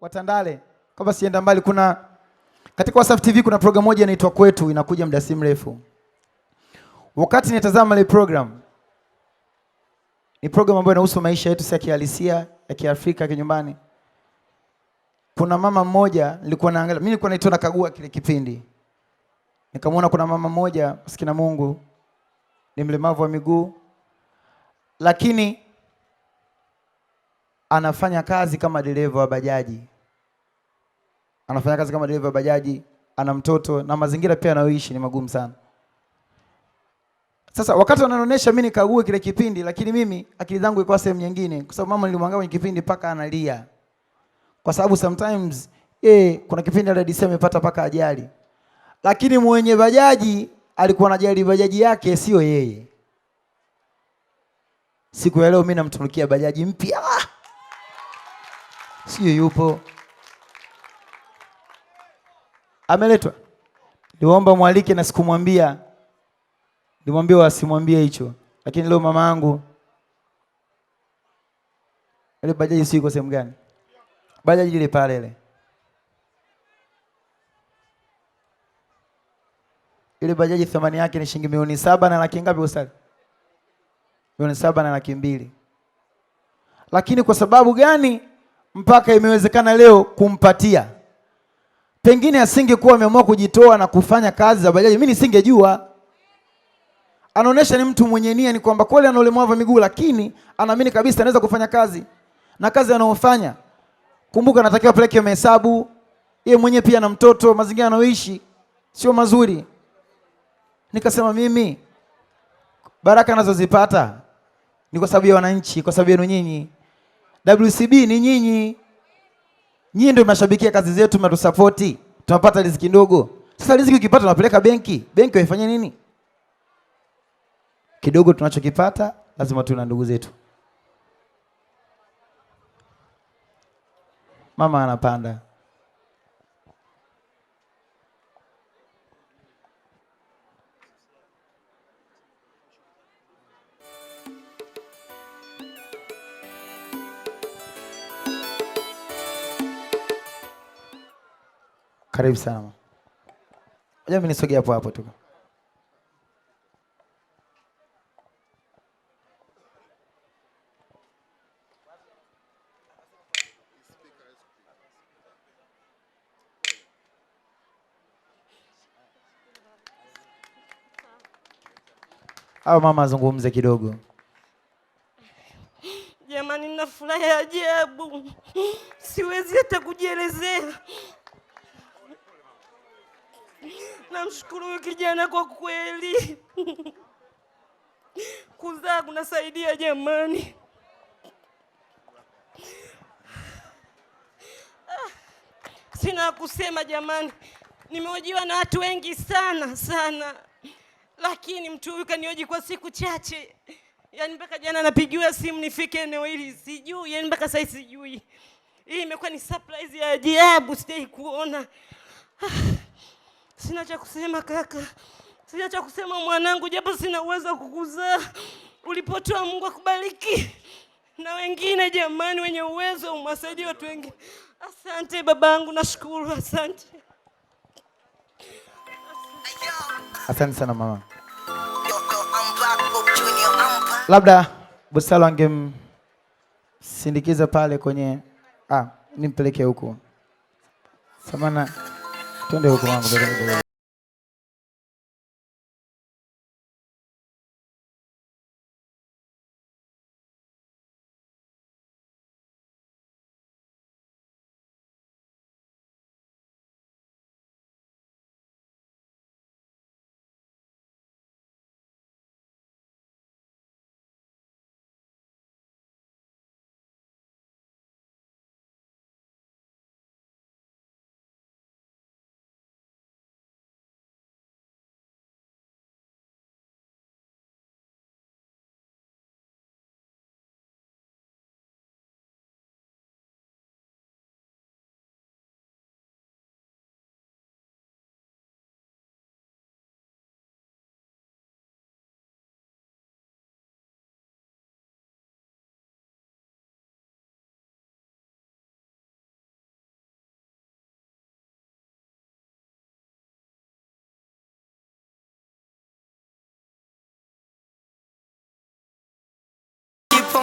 Watandale kwamba sienda mbali, kuna katika Wasafi TV kuna program moja inaitwa Kwetu, inakuja muda si mrefu. Wakati nitazama ile program, ni program ambayo inahusu maisha yetu ya kihalisia ya Kiafrika kinyumbani. Kuna mama mmoja nilikuwa naangalia, mimi nilikuwa naitwa nakagua kile kipindi, nikamwona kuna mama mmoja maskini Mungu, ni mlemavu wa miguu lakini anafanya kazi kama dereva wa bajaji, anafanya kazi kama dereva wa bajaji, ana mtoto na mazingira pia anayoishi ni magumu sana. Sasa wakati wananionyesha mimi nikague kile kipindi, lakini mimi akili zangu ilikuwa sehemu nyingine, kwa sababu mama nilimwangalia kwenye kipindi mpaka analia, kwa sababu sometimes eh, kuna kipindi aladisi amepata paka ajali, lakini mwenye bajaji alikuwa anajali bajaji yake, sio yeye. Siku ya leo mimi namtunukia bajaji mpya. Sio yupo, ameletwa. Niomba mwalike na sikumwambia, nimwambie wasimwambie hicho, lakini leo mama yangu ile bajaji sio iko sehemu gani? Bajaji ile pale ile ile bajaji thamani yake ni shilingi milioni saba na laki ngapi ustadi? Milioni saba na laki mbili. Lakini kwa sababu gani mpaka imewezekana leo kumpatia. Pengine asingekuwa ameamua kujitoa na kufanya kazi za bajaji, mimi nisingejua. Anaonesha ni mtu mwenye nia, ni kwamba kweli ana ulemavu miguu, lakini anaamini kabisa anaweza kufanya kazi na kazi anayofanya. Kumbuka, anatakiwa apeleke mahesabu yeye mwenyewe, pia na mtoto, mazingira anayoishi sio mazuri. Nikasema mimi baraka anazozipata ni kwa sababu ya wananchi, kwa sababu yenu nyinyi. WCB ni nyinyi, nyinyi ndio mnashabikia kazi zetu, mnatusapoti, tunapata riziki ndogo. Sasa riziki ukipata unapeleka benki, benki waifanye nini? Kidogo tunachokipata lazima tuna ndugu zetu. Mama anapanda Karibu sana. Mimi nisogee hapo hapo tu. Au mama azungumze kidogo. Jamani, mna furaha ya ajabu, siwezi hata kujielezea. Namshukuru huyu kijana kwa kweli. Kuzaa kunasaidia jamani. Sina kusema jamani, nimehojiwa na watu wengi sana sana, lakini mtu huyu kanioji kwa siku chache, yaani mpaka jana napigiwa simu nifike eneo hili, sijui yaani mpaka sasa sijui. Hii imekuwa ni surprise ya ajabu, sijai kuona ah. Sina cha kusema kaka, sina cha kusema mwanangu, japo sina uwezo wa kukuzaa. Ulipotoa Mungu akubariki na wengine jamani, wenye uwezo umwasaidie watu wengi Asante babangu, nashukuru, asante. Asante sana mama. Labda Busalo angemsindikiza pale kwenye ah, nimpeleke huko samana 真有逼啊！我操！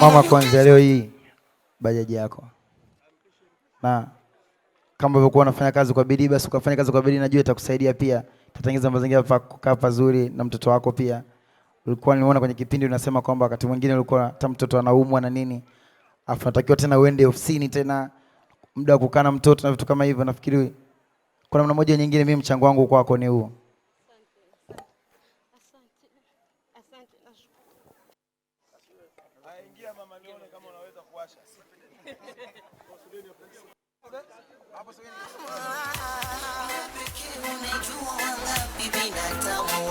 Mama, kwanza leo hii bajaji yako, na kama ulivyokuwa unafanya kazi kwa bidii, basi ukafanya kazi kwa bidii, najua itakusaidia pia, itatengeneza mazingira pa kukaa pazuri na mtoto wako pia. Ulikuwa niona kwenye kipindi unasema kwamba wakati mwingine ulikuwa hata mtoto anaumwa na nini, afu natakiwa tena uende ofisini tena muda wa kukaa na mtoto na vitu kama hivyo. Nafikiri kwa namna moja nyingine, mimi mchango wangu kwako ni huu.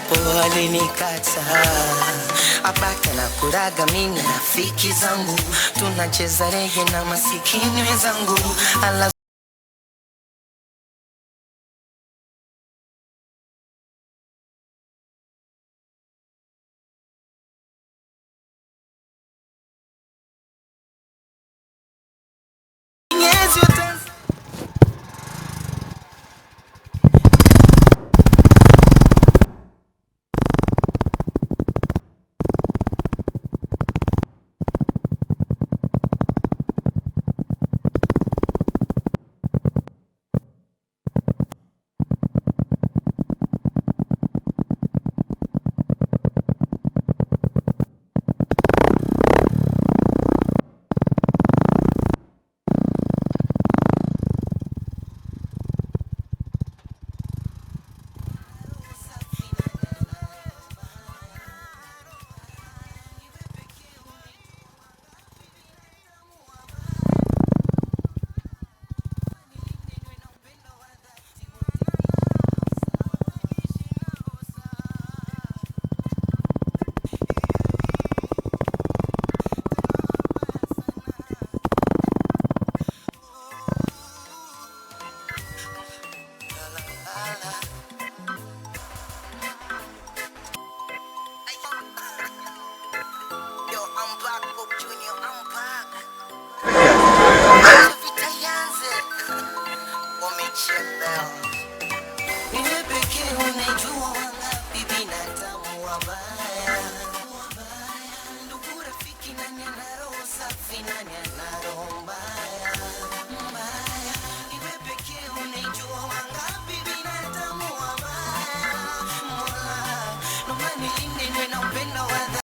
hapo alinikata, abaka na kuraga. Mimi rafiki zangu tunacheza rege na masikini wenzangu When I'm been over